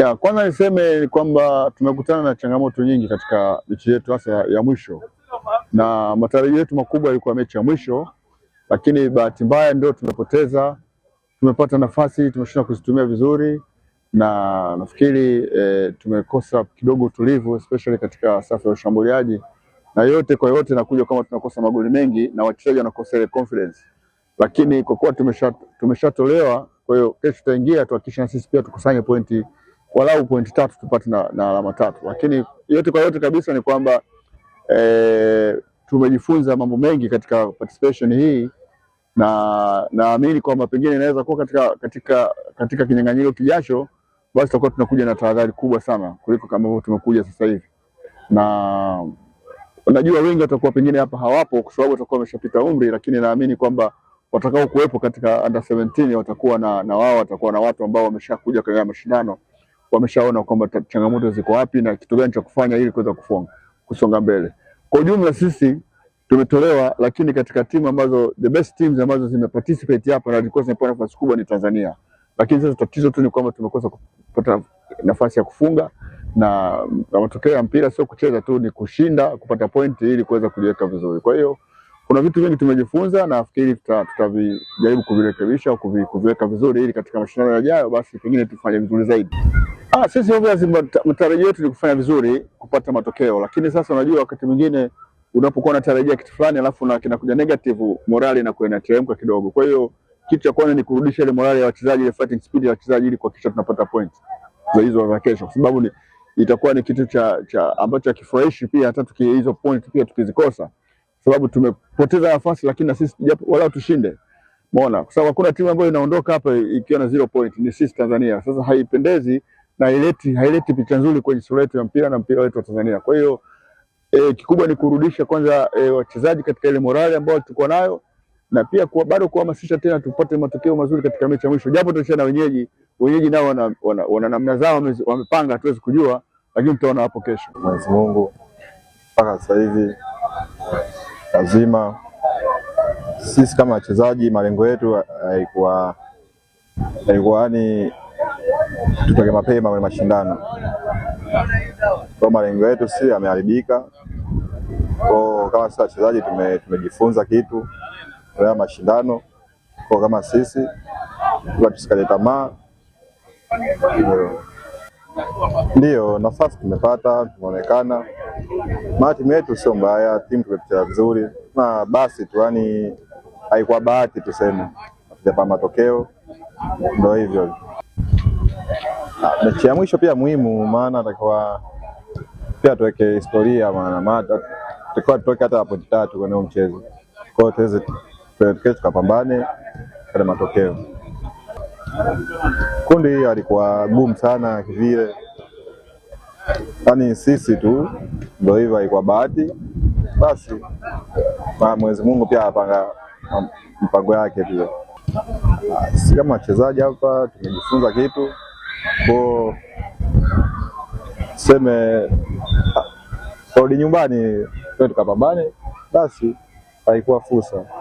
Ya, kwanza niseme kwamba tumekutana na changamoto nyingi katika mechi yetu hasa ya, ya mwisho na matarajio yetu makubwa yalikuwa mechi ya mwisho, lakini bahati mbaya ndio tumepoteza. Tumepata nafasi tumeshindwa kuzitumia vizuri, na nafikiri e, tumekosa kidogo utulivu especially katika safu ya ushambuliaji, na yote kwa yote nakuja kama tunakosa magoli mengi na wachezaji wanakosa ile confidence, lakini kwa kuwa tumeshatolewa, kwa hiyo kesho tutaingia, tuhakikisha na sisi pia tukusanye pointi walau pointi tatu tupate na, na alama tatu, lakini yote kwa yote kabisa ni kwamba e, tumejifunza mambo mengi katika participation hii na naamini kwamba pengine inaweza kuwa katika, katika, katika kinyang'anyiro kijacho basi tutakuwa tunakuja na tahadhari kubwa sana kuliko kama tumekuja sasa hivi, na najua wengi watakuwa pengine hapa hawapo kwa sababu watakuwa wameshapita umri, lakini naamini kwamba watakao kuwepo katika under 17 watakuwa na, na wao watakuwa na watu ambao wameshakuja kwenye mashindano wameshaona kwamba changamoto ziko wapi na kitu gani cha kufanya ili kuweza kufunga kusonga mbele. Kwa ujumla sisi tumetolewa, lakini katika timu ambazo the best teams ambazo zimeparticipate hapa na zilikuwa zimepewa nafasi kubwa ni Tanzania, lakini sasa tatizo tu ni kwamba tumekosa kupata nafasi ya kufunga na, na matokeo ya mpira sio kucheza tu, ni kushinda, kupata pointi ili kuweza kujiweka vizuri. Kwa hiyo kuna vitu vingi tumejifunza, na nafikiri tutavijaribu tuta kuvirekebisha au kuviweka vizuri, ili katika mashindano yajayo basi pengine tufanye vizuri zaidi. Ah, sisi matarajio yetu ni kufanya vizuri, kupata matokeo, lakini sasa unajua wakati mwingine unapokuwa unatarajia kitu fulani alafu na kinakuja negative, morali inakuwa inateremka kidogo. Kwa hiyo kitu cha kwanza ni kurudisha ile morale ya wachezaji, ile fighting speed ya wachezaji ili kuhakikisha tunapata points za hizo za kesho, kwa sababu ni itakuwa ni kitu cha, cha ambacho hakifurahishi pia hata tuki hizo point pia tukizikosa, sababu tumepoteza nafasi, lakini na sisi japo wala tushinde. Umeona, kwa sababu hakuna timu ambayo inaondoka hapa ikiwa na zero point, ni sisi Tanzania. Sasa haipendezi na haileti haileti picha nzuri kwenye sura yetu ya mpira na mpira wetu wa Tanzania. Kwa hiyo e, kikubwa ni kurudisha kwanza e, wachezaji katika ile morale ambayo tulikuwa nayo na pia kwa bado kuhamasisha tena tupate matokeo mazuri katika mechi ya mwisho, japo tutacheza na wenyeji. Wenyeji nao wana, wana, wana namna zao wamepanga, hatuwezi kujua, lakini tutaona hapo kesho. Mwenyezi Mungu mpaka sasa hivi lazima sisi kama wachezaji malengo yetu eh, haikuwa haikuwa ni tutoke mapema kwenye mashindano, kwa malengo yetu si ameharibika Kwa kama sisi wachezaji tumejifunza tume kitu kwa mashindano, kwa kama sisi a tusikate tamaa. Ndiyo, nafasi tumepata, tumeonekana, maana timu yetu sio mbaya, timu tumecheza vizuri, na basi tu, yani haikuwa bahati tuseme, hatujapata matokeo, ndio hivyo. Ah, mechi ya mwisho pia muhimu, maana atakuwa pia tuweke historia, maana tutakuwa tutoke hata pointi tatu kwenye huo mchezo. Kwa hiyo tuweze tukapambane kada matokeo. Kundi hiyo alikuwa gumu sana kivile, yaani sisi tu ndio hivyo, alikuwa bahati basi. Mwenyezi Mungu pia apanga mpango yake pia. Ah, sisi kama wachezaji hapa tumejifunza kitu kwa seme rudi nyumbani, tukapambane basi, haikuwa fursa.